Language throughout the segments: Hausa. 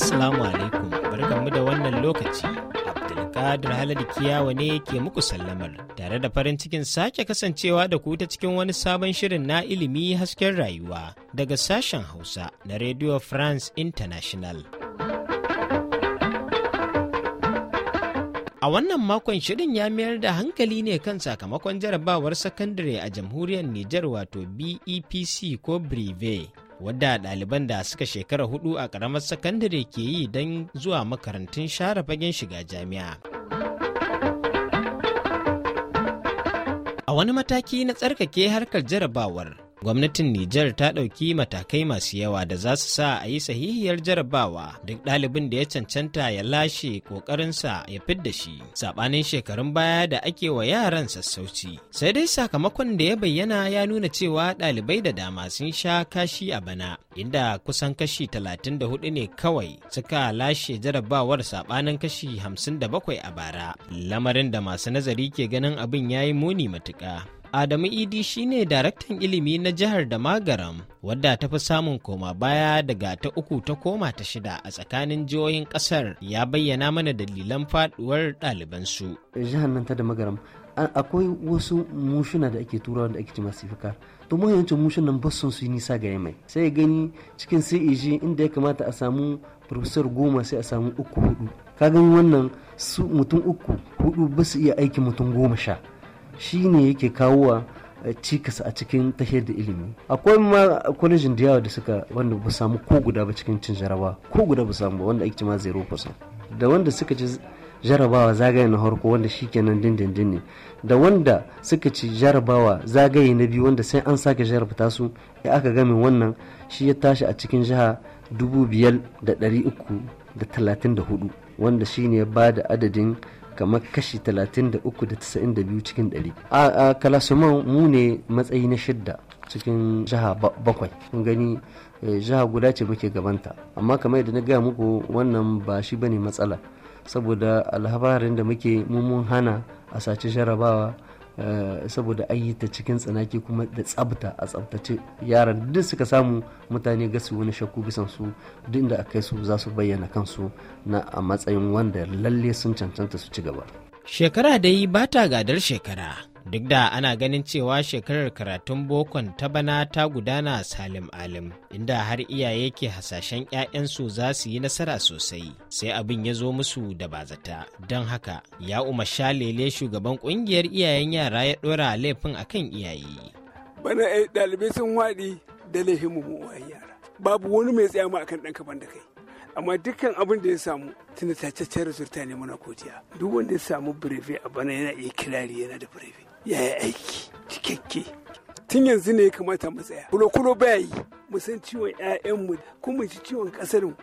Assalamu alaikum barkanmu da wannan lokaci. Abdulkadir Haladu Kiyawa ne ke muku sallamar tare da farin cikin sake kasancewa da ku ta cikin wani sabon shirin na ilimi hasken rayuwa daga sashen Hausa na Radio France International. A wannan makon shirin ya mayar da hankali ne kan sakamakon jarabawar sakandare a jamhuriyar Nijar wato BEPC ko Brevet wadda ɗaliban da suka shekara hudu a ƙaramar sakandare ke yi don zuwa makarantun share fagen shiga jami'a. A wani mataki na tsarkake harkar jarabawar gwamnatin Nijar ta ɗauki matakai masu yawa da za su sa a yi sahihiyar jarabawa duk ɗalibin da ya cancanta ya lashe ƙoƙarinsa ya fidda shi saɓanin shekarun baya da ake wa yaran sassauci sai dai sakamakon da ya bayyana ya nuna cewa ɗalibai da dama sun sha kashi a bana inda kusan kashi talatin da 34 ne kawai suka lashe jarabawar saɓanin kashi hamsin da bakwai a bara lamarin da masu nazari ke ganin abin ya yi muni matuƙa. Adamu Idi shine daraktan ilimi na jihar da Magaram, wadda ta fi samun koma baya daga ta uku ta koma ta shida a tsakanin jihohin kasar ya bayyana mana dalilan faduwar ɗalibansu. Jihar nan ta da Magaram, akwai wasu mushuna da ake turawa da ake cima sifikar. To mahimmancin mushunan basu sun su yi nisa ga mai. Sai ya gani cikin CEG inda ya kamata a samu profesor goma sai a samu uku hudu. Ka gani wannan su mutum uku hudu ba su iya aikin mutum goma sha. shi ne yake kawowa eh, cikas a cikin tahiyar da ilimi akwai ma kwalejin da yawa da suka wanda ba samu ko guda ba cikin cin jaraba ko guda ba samu wanda ake ma zero percent da wanda suka ci jarabawa zagaye na harko wanda shi kenan dindindin ne da wanda suka ci jarabawa zagaye na biyu wanda sai an sake jarabta su ya aka gami wannan shi ya tashi a cikin jiha dubu biyar da da hudu wanda shi ne ba da adadin kamar kashi 33.92 cikin 100 a kalasoman mu ne matsayi na shidda cikin jiha bakwai kun gani eh, jiha guda ce muke gabanta amma kamar yadda na gaya muku wannan ba shi bane matsala saboda alhabarin da muke mummun hana a sace jarabawa Eh, saboda an yi ta cikin tsanaki kuma da tsabta a tsabtace yaran duk suka samu mutane gasu wani shakku bisan su duk da aka su za su bayyana kansu na a matsayin wanda lalle sun cancanta su ci gaba shekara yi ba ta gadar shekara duk da ana ganin cewa shekarar karatun bokon ta bana ta gudana salim alim inda har iyaye ke hasashen 'ya'yansu za su yi nasara sosai sai abin ya zo musu da bazata don haka ya sha lele shugaban ƙungiyar iyayen yara ya dora laifin akan iyaye bana ɗalibai sun waɗi da laifin yara babu wani mai tsaya akan ɗan kaban da kai amma dukkan abin da ya samu tunda tacaccen resulta ne muna godiya duk wanda ya samu brevet a bana yana iya kirari yana da brevet ya yi aiki cikakke tun yanzu ne ya kamata mu tsaya kulo-kulo baya yi mu san ciwon 'ya'yanmu kuma mu ci ciwon kasar mu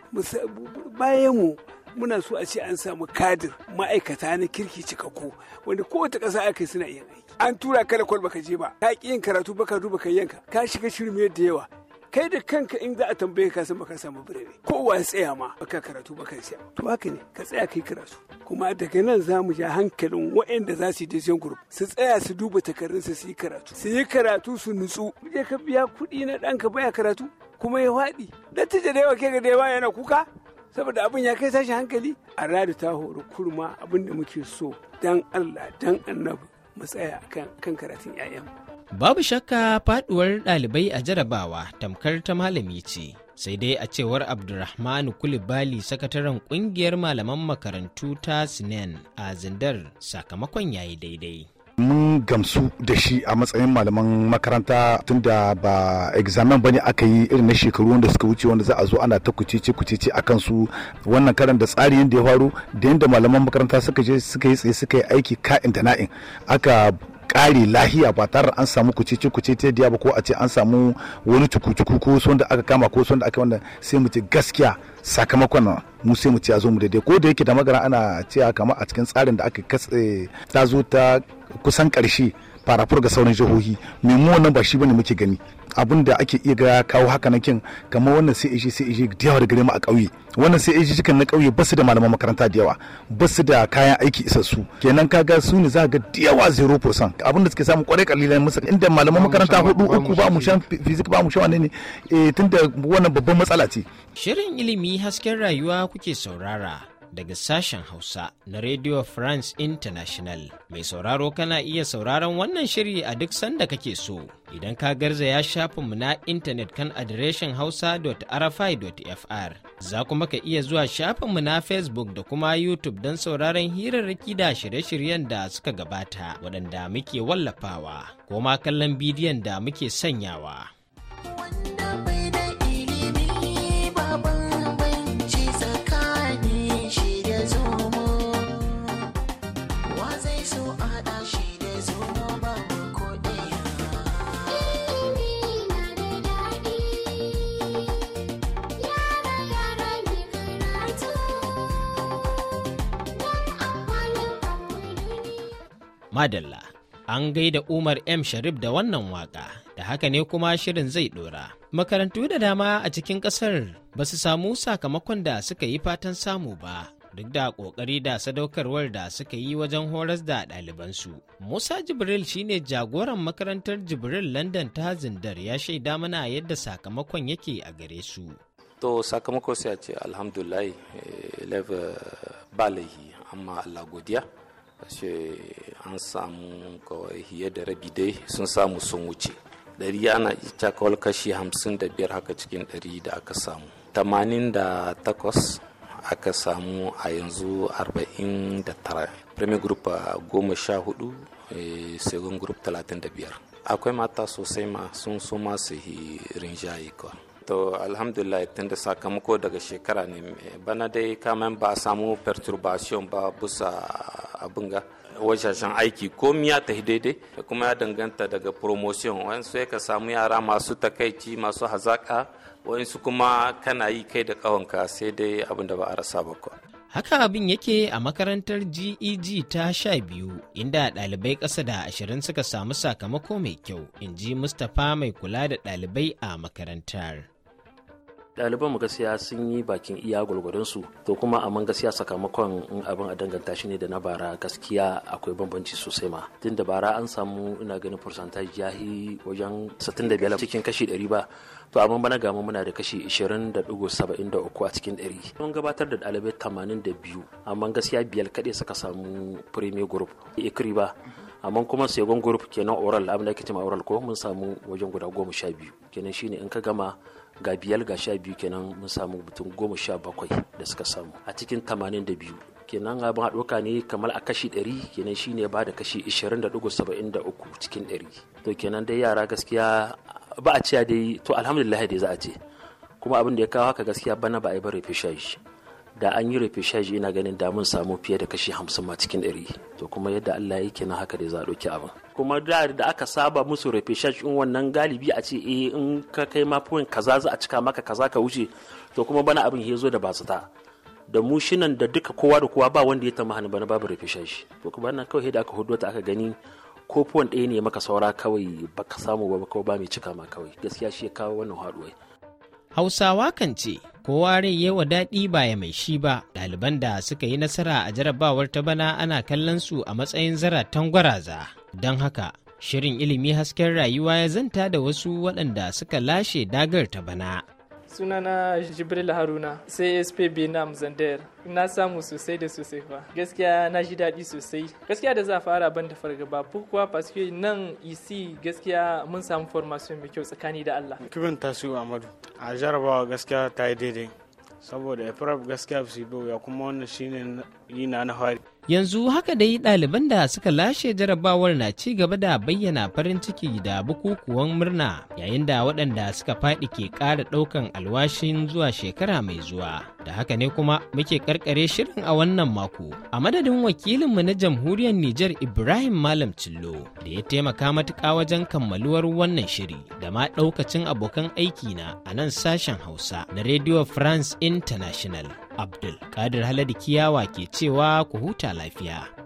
bayan mu muna so a ce an samu kadir ma'aikata na kirki cikakku wanda kowace ƙasa aka suna yin aiki an tura kala da kwal baka je ba ka ƙi yin karatu baka duba ka yanka ka shiga shirme da yawa kai da kanka in za a tambaye ka san baka samu birni kowa ya tsaya ma baka karatu baka siya to haka ne ka tsaya kai karatu kuma daga nan za mu ja hankalin waɗanda za su yi group su tsaya su duba takardun su yi karatu su yi karatu su nutsu je ka biya kuɗi na ɗanka baya karatu kuma ya faɗi tije da yawa ke ga da yawa yana kuka saboda abin ya kai tashi hankali a radu ta horo kurma abin da muke so dan Allah dan annabi mu tsaya kan karatun 'ya'yan Babu shakka faduwar ɗalibai a jarabawa tamkar ta malami ce, sai dai a cewar Abdulrahmanu Kulibali sakataren ƙungiyar malaman makarantu ta Sinan, a Zindar sakamakon yayi daidai. mun gamsu da shi a matsayin malaman makaranta tun da ba examen bane aka yi irin na shekaru wanda suka wuce wanda za a zo ana ta kucice kucice a kansu wannan karan da tsari yadda ya faru da yadda malaman makaranta suka je suka yi tsaye suka yi aiki da na'in aka kare lahiya ba tare an samu kucici kucici diya ba ko a ce an samu wani cuku-cuku ko son da aka kama ko son da aka wanda sai mu ce gaskiya sakamakon nan mu sai mu ce ya zo mu daidai ko da yake da magana ana cewa kamar a cikin tsarin da aka katse ta zo ta kusan karshe fara ga sauran jihohi mai mu wannan ba shi bane muke gani abin da ake iya ga kawo haka na kin kamar wannan sai ishi sai ishi da yawa da gare mu a ƙauye wannan sai ishi cikin na ƙauye basu da malaman makaranta da yawa basu da kayan aiki isassu kenan kaga su ne za ga da yawa 0% abin da suke samu kwarai kalilan musu inda malaman makaranta hudu uku ba mu shan fizik ba mu shan ne eh tunda wannan babban matsala ce shirin ilimi hasken rayuwa kuke saurara daga sashen Hausa na Radio France International. Mai sauraro kana iya sauraron wannan shiri a duk sanda kake so. Idan ka garza garzaya shafinmu na intanet kan adireshin hausa.rfi.fr. Za kuma ka iya zuwa shafinmu na Facebook da kuma YouTube don sauraron hirarraki da shirye-shiryen da suka gabata waɗanda muke wallafawa, ko ma kallon bidiyon da muke sanyawa. Madalla, an gaida Umar M. Sharif da wannan waka, da haka ne kuma shirin zai ɗora. Makarantu da dama a cikin ƙasar ba su samu sakamakon da suka yi fatan samu ba, duk da ƙoƙari da sadaukarwar da suka yi wajen horas da ɗalibansu. Musa Jibril shine jagoran makarantar Jibril London ta zindar ya shaida mana yadda sakamakon yake a gare su. To sakamako sai a ce alhamdulahi, eh, ba laihi, amma Allah godiya. ashe an samu kawai hiye da rabi dai sun samu sun wuce ɗari ana ita kawal kashi hamsin da biyar haka cikin ɗari da aka samu tamanin da takwas aka samu a yanzu arba'in da tara premier group ah, goma sha hudu eh, segon group talatin da biyar akwai mata sosai ma sun so ma su rinjaye kawai to alhamdulillah da sakamako daga shekara ne eh, bana dai kamen ba samu perturbation ba busa abin ga wajen aiki komi ya tafi daidai da kuma ya danganta daga promotion wani sai ka samu yara masu takaici masu hazaka wayansu kuma kana yi kai da ƙawanka sai dai abin da ba a rasa ba Haka abin yake a makarantar GEG e ta sha biyu inda ɗalibai ƙasa da ashirin suka samu sakamako mai kyau, in ji Mustapha mai kula da ɗalibai a makarantar. ɗaliban mu gaskiya sun yi bakin iya gwalgwadon su to kuma amma gaskiya sakamakon in abin a danganta shi ne da na bara gaskiya akwai bambanci sosai ma tun da bara an samu ina ganin percentage ya yi wajen 65 cikin kashi 100 ba to amma bana gamu muna da kashi 20.73 a cikin 100 mun gabatar da ɗalibai 82 amma gaskiya biyar kaɗai suka samu premier group ikri ba amma kuma segon group kenan oral abin da ake cewa oral ko mun samu wajen guda goma sha biyu kenan shine in ka gama ga biyar ga sha biyu kenan mun samu mutum goma sha bakwai da suka samu a cikin tamanin da biyu kenan abin haɗuka ne kamar a kashi ɗari kenan shine ba da kashi ishirin da ɗigo saba'in da uku cikin ɗari to kenan dai yara gaskiya ba a ciya dai to alhamdulillah dai za a ce kuma abin da ya kawo haka gaskiya bana ba a yi ba bare fishayi da an yi rufe shaji ina ganin da mun samu fiye da kashi hamsin ma cikin ɗari to kuma yadda Allah yake na haka dai za a ɗauki abin kuma da da aka saba musu rufe shaji in wannan galibi a ce eh in ka kai ma point kaza za a cika maka kaza ka wuce to kuma bana abin ya zo da ta. da mu shinan da duka kowa da kowa ba wanda ya tamba hannu bana babu rufe shaji to kuma nan kawai da aka hudu ta aka gani ko point ɗaya ne maka saura kawai baka samu ba kawai ba mai cika ma kawai gaskiya shi ya kawo wannan haɗuwai Hausawa kan ce, kowa rai wa daɗi ba ya mai shi ba, ɗaliban da suka yi nasara a jarabawar ta bana ana kallon su a matsayin zaratan gwaraza. Don haka, shirin ilimi hasken rayuwa ya zanta da wasu waɗanda suka lashe dagar ta bana sunana jibril haruna csp binam zander na samu sosai da sosai fa gaskiya na ji daɗi sosai gaskiya da za a fara ban da fargaba kuwa paske nan isi gaskiya mun samu formation mai kyau tsakani da allah kibin tasu amadu a jarabawa gaskiya ta yi daidai saboda efrab gaskiya su ya kuma wannan shine yi na na fari yanzu haka dai ɗaliban da suka lashe jarabawar na ci gaba da bayyana farin ciki da bukukuwan murna yayin da waɗanda suka faɗi ke ƙara ɗaukan alwashin zuwa shekara mai zuwa da haka ne kuma muke karkare shirin a wannan mako a madadin Wakilin mu na jamhuriyar Nijar Ibrahim Malam Cillo da ya taimaka matuƙa wajen kammaluwar wannan shiri da ma ɗaukacin abokan aiki na a nan sashen Hausa na Radio France International. Abdul Kadir Haladu Kiyawa ke cewa ku huta lafiya.